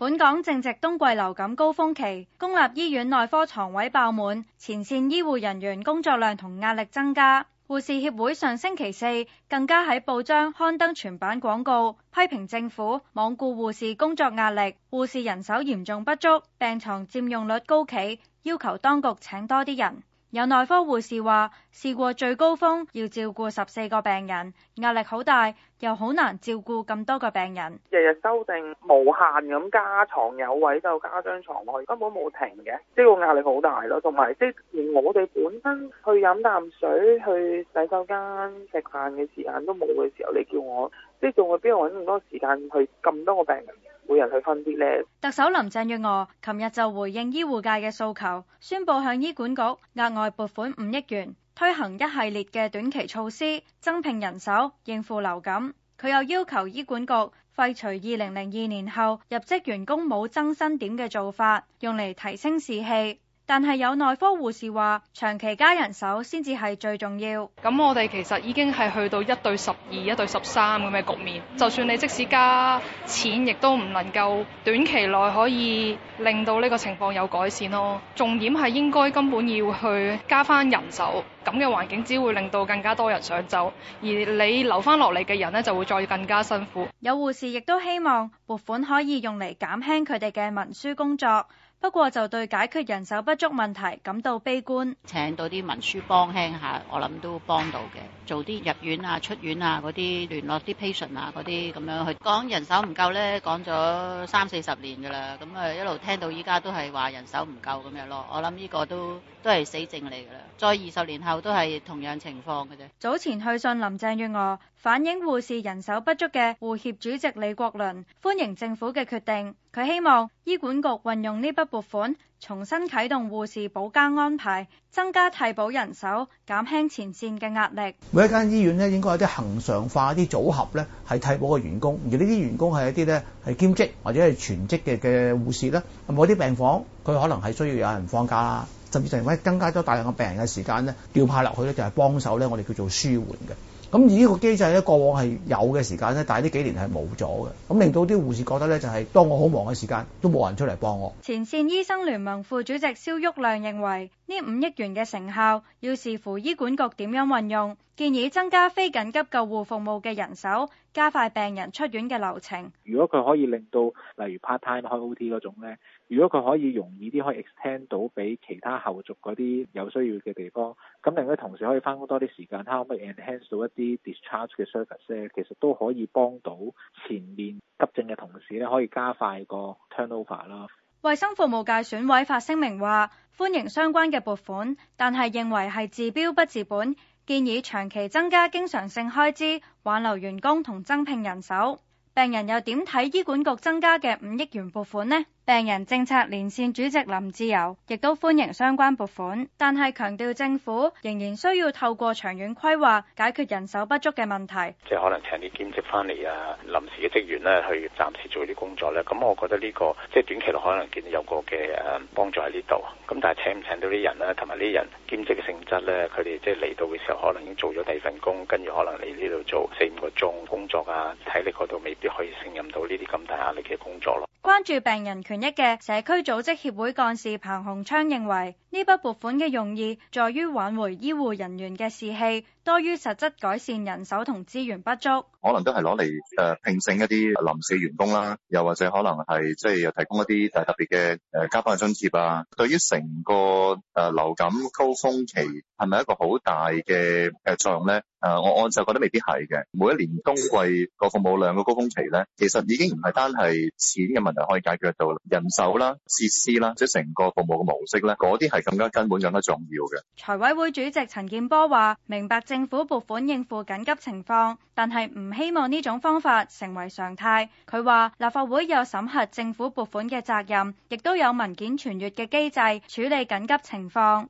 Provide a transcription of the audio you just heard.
本港正值冬季流感高峰期，公立醫院內科床位爆滿，前線醫護人員工作量同壓力增加。護士協會上星期四更加喺報章刊登全版廣告，批評政府罔顧護士工作壓力，護士人手嚴重不足，病床佔用率高企，要求當局請多啲人。有內科護士話試過最高峰要照顧十四個病人，壓力好大，又好難照顧咁多個病人。日日修訂，無限咁加床，有位就加張床落去，根本冇停嘅、就是，即係個壓力好大咯。同埋即係連我哋本身去飲啖水、去洗手間、食飯嘅時間都冇嘅時候，你叫我即係仲去邊度搵咁多時間去咁多個病人？每人去分啲咧。特首林鄭月娥琴日就回應醫護界嘅訴求，宣布向醫管局額外撥款五億元，推行一系列嘅短期措施，增聘人手應付流感。佢又要求醫管局廢除二零零二年後入職員工冇增薪點嘅做法，用嚟提升士氣。但係有內科護士話，長期加人手先至係最重要。咁我哋其實已經係去到一對十二、一對十三咁嘅局面。就算你即使加錢，亦都唔能夠短期內可以令到呢個情況有改善咯。重點係應該根本要去加翻人手。咁嘅環境只會令到更加多人想走，而你留翻落嚟嘅人呢，就會再更加辛苦。有護士亦都希望撥款可以用嚟減輕佢哋嘅文書工作。不過就對解決人手不足問題感到悲觀，請到啲文書幫輕下，我諗都幫到嘅，做啲入院啊、出院啊嗰啲，聯絡啲 patient 啊嗰啲咁樣去講人手唔夠咧，講咗三四十年噶啦，咁啊一路聽到依家都係話人手唔夠咁樣咯，我諗呢個都都係死症嚟噶啦，再二十年後都係同樣情況嘅啫。早前去信林鄭月娥，反映護士人手不足嘅護協主席李國麟歡迎政府嘅決定。佢希望醫管局運用呢筆撥款，重新啟動護士保加安排，增加替補人手，減輕前線嘅壓力。每一間醫院咧，應該有啲恆常化啲組合咧，係替補嘅員工，而呢啲員工係一啲咧係兼職或者係全職嘅嘅護士啦。某啲病房佢可能係需要有人放假啦，甚至成為增加咗大量嘅病人嘅時間呢調派落去咧就係幫手咧，我哋叫做舒緩嘅。咁而個呢個機制咧，過往係有嘅時間咧，但係呢幾年係冇咗嘅，咁令到啲護士覺得咧，就係、是、當我好忙嘅時間都冇人出嚟幫我。前線醫生聯盟副主席蕭旭亮認為。呢五億元嘅成效要視乎醫管局點樣運用，建議增加非緊急救護服務嘅人手，加快病人出院嘅流程。如果佢可以令到，例如 part time 開 OT 嗰種咧，如果佢可以容易啲可以 extend 到俾其他後續嗰啲有需要嘅地方，咁令啲同事可以翻工多啲時間，佢可唔可以 enhance 到一啲 discharge 嘅 service 咧，其實都可以幫到前面急症嘅同事咧，可以加快個 turnover 咯。衛生服務界選委發聲明話，歡迎相關嘅撥款，但係認為係治標不治本，建議長期增加經常性開支，挽留員工同增聘人手。病人又點睇醫管局增加嘅五億元撥款呢？病人政策連線主席林志友亦都歡迎相關撥款，但係強調政府仍然需要透過長遠規劃解決人手不足嘅問題。即係可能請啲兼職翻嚟啊，臨時嘅職員咧，去暫時做啲工作咧，咁我覺得呢個即係短期內可能見有個嘅誒幫助喺呢度。咁但係請唔請到啲人咧，同埋呢人兼職嘅性質咧，佢哋即係嚟到嘅時候可能已經做咗第二份工，跟住可能嚟呢度做四五個鐘工作啊，體力嗰度未必可以勝任到呢啲咁大壓力嘅工作咯。關注病人權。一嘅社區組織協會幹事彭鴻昌認為，呢筆撥款嘅用意在於挽回醫護人員嘅士氣，多於實質改善人手同資源不足。可能都係攞嚟誒聘請一啲臨時員工啦，又或者可能係即係又提供一啲大特別嘅誒加班津貼啊。對於成個誒流感高峰期，係咪一個好大嘅誒作用咧？誒，我我就覺得未必係嘅。每一年冬季個服務量個高峰期咧，其實已經唔係單係錢嘅問題可以解決到，人手啦、設施啦，即成個服務嘅模式咧，嗰啲係更加根本、更加重要嘅。財委會主席陳健波話：明白政府撥款應付緊急情況，但係唔希望呢種方法成為常態。佢話立法會有審核政府撥款嘅責任，亦都有文件傳閱嘅機制處理緊急情況。